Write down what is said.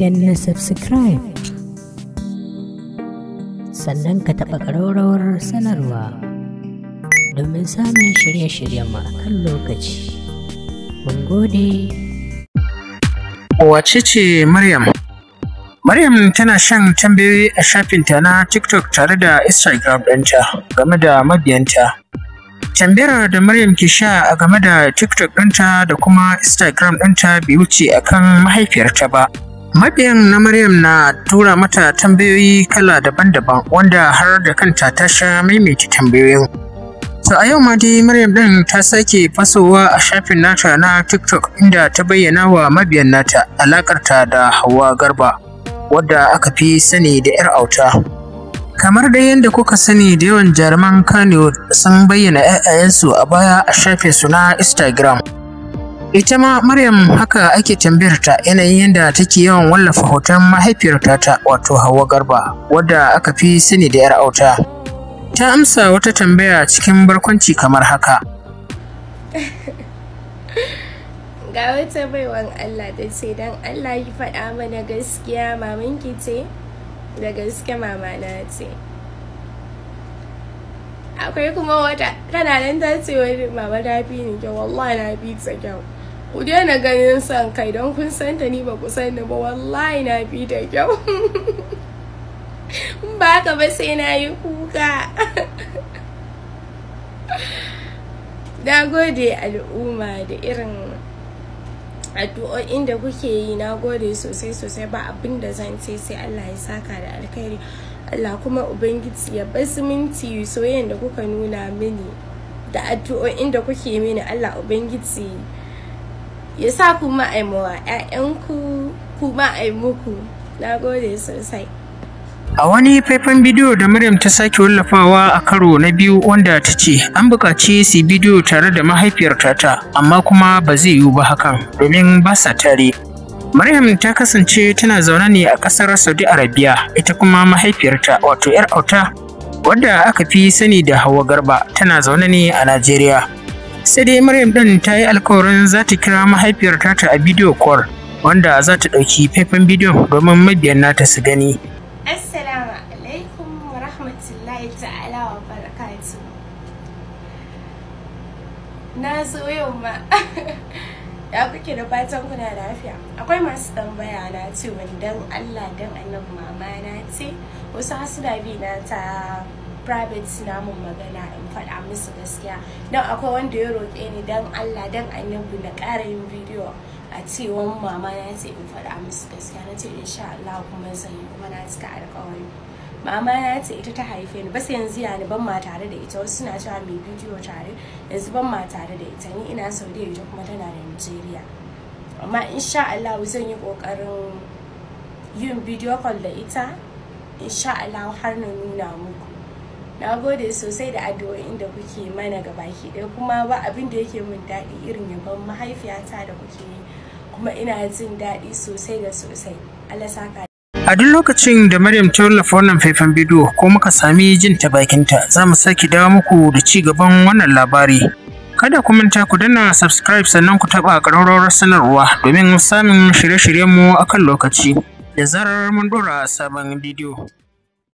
na subscribe sannan ka taɓa ƙararrawar sanarwa domin samun shirye-shiryen a kan lokaci mun gode wace ce maryam Maryam tana shan tambayoyi a shafinta na TikTok tare da Instagram ɗinta game da mabiyanta. Tambayar da Maryam ke sha a game da TikTok ɗinta da kuma Instagram ɗinta bai wuce akan mahaifiyarta ba. Mabiyan na Maryam na tura mata tambayoyi kala daban-daban wanda har da kanta ta sha maimaita tambayoyin. To a yau ma dai Maryam din ta sake fasowa a shafin nata na TikTok inda ta bayyana wa mabiyan nata alakarta da Hauwa Garba wadda aka fi sani da 'yar auta. Kamar dai yadda kuka sani da yawan jaruman Kano sun bayyana 'ya'yayensu a baya a shafinsu na Instagram. ita ma maryam haka ake tambayar ta yanayin yadda take yawan wallafa hoton mahaifiyar ta wato Hauwa garba wadda aka fi sani da yar auta ta amsa wata tambaya cikin barkwanci kamar haka ga wata baiwan allah da ce don allah yi faɗa mana gaskiya mamanki ce da gaske mamana ce akwai kuma wata tana nan ta ce wani mama ta kyau wallahi na bi ta kyau ku daina ganin son kai don kun san ta ni ba ku ni ba wallahi na fi da kyau ba ka ba sai na yi kuka na gode al'umma da irin addu'o'in da kuke yi na gode sosai sosai ba abin da zan ce sai allah ya saka da alkhairi allah kuma ubangiji ya basu minti soyayyen da kuka nuna mini da addu'o'in da kuke mini allah ubangiji ya sa ku ma'aimawa 'ya'yanku ku ma'aimuku na gode sosai A wani faifan bidiyo da Maryam ta sake wallafawa a karo na biyu wanda ta ce an buƙaci su bidiyo tare da mahaifiyarta ta amma kuma ba zai yiwu ba hakan domin ba sa tare. Maryam ta kasance tana zaune ne a ƙasar Saudi Arabia ita kuma mahaifiyarta wato 'yar auta wadda aka fi sani da Hawa Garba tana zaune ne a Najeriya. sai dai maryam ɗin ta yi alkawarin za ta kira mahaifiyarta ta a bidiyo kwar wanda za ta ɗauki faifan bidiyon domin mabiyan nata su gani assalamu na zo yau ma ya kuke da fatan kuna lafiya akwai masu tambaya na ce dan allah dan annabi mama na ce wasu hasila bi na ta private suna mun magana in faɗa musu gaskiya don akwai wanda ya roƙe ni don allah don annabi na ƙara yin bidiyo a cewan mama na ce in faɗa musu gaskiya na ce insha allah kuma zan kuma na cika alƙawari mama na ce ita ta haife ni basu yanzu ya ni ban ma tare da ita wasu suna cewa mai bidiyo tare yanzu ban ma tare da ita ni ina saudiya ita kuma tana da nigeria amma insha allah zan yi ƙoƙarin yin bidiyo call da ita insha allah har na nuna muku na gode sosai da addu'o'in inda kuke mana ga baki ɗaya kuma ba abin da yake min daɗi irin yaban mahaifiyata da kuke yi kuma ina jin daɗi sosai da sosai Allah saka a duk lokacin da Maryam ta wallafa wannan faifan bidiyo ko muka sami jin ta bakinta za mu sake dawo muku da ci gaban wannan labari kada ku manta ku danna subscribe sannan ku taɓa ƙararrawar sanarwa domin samun shirye-shiryenmu akan lokaci da zarar mun dora sabon bidiyo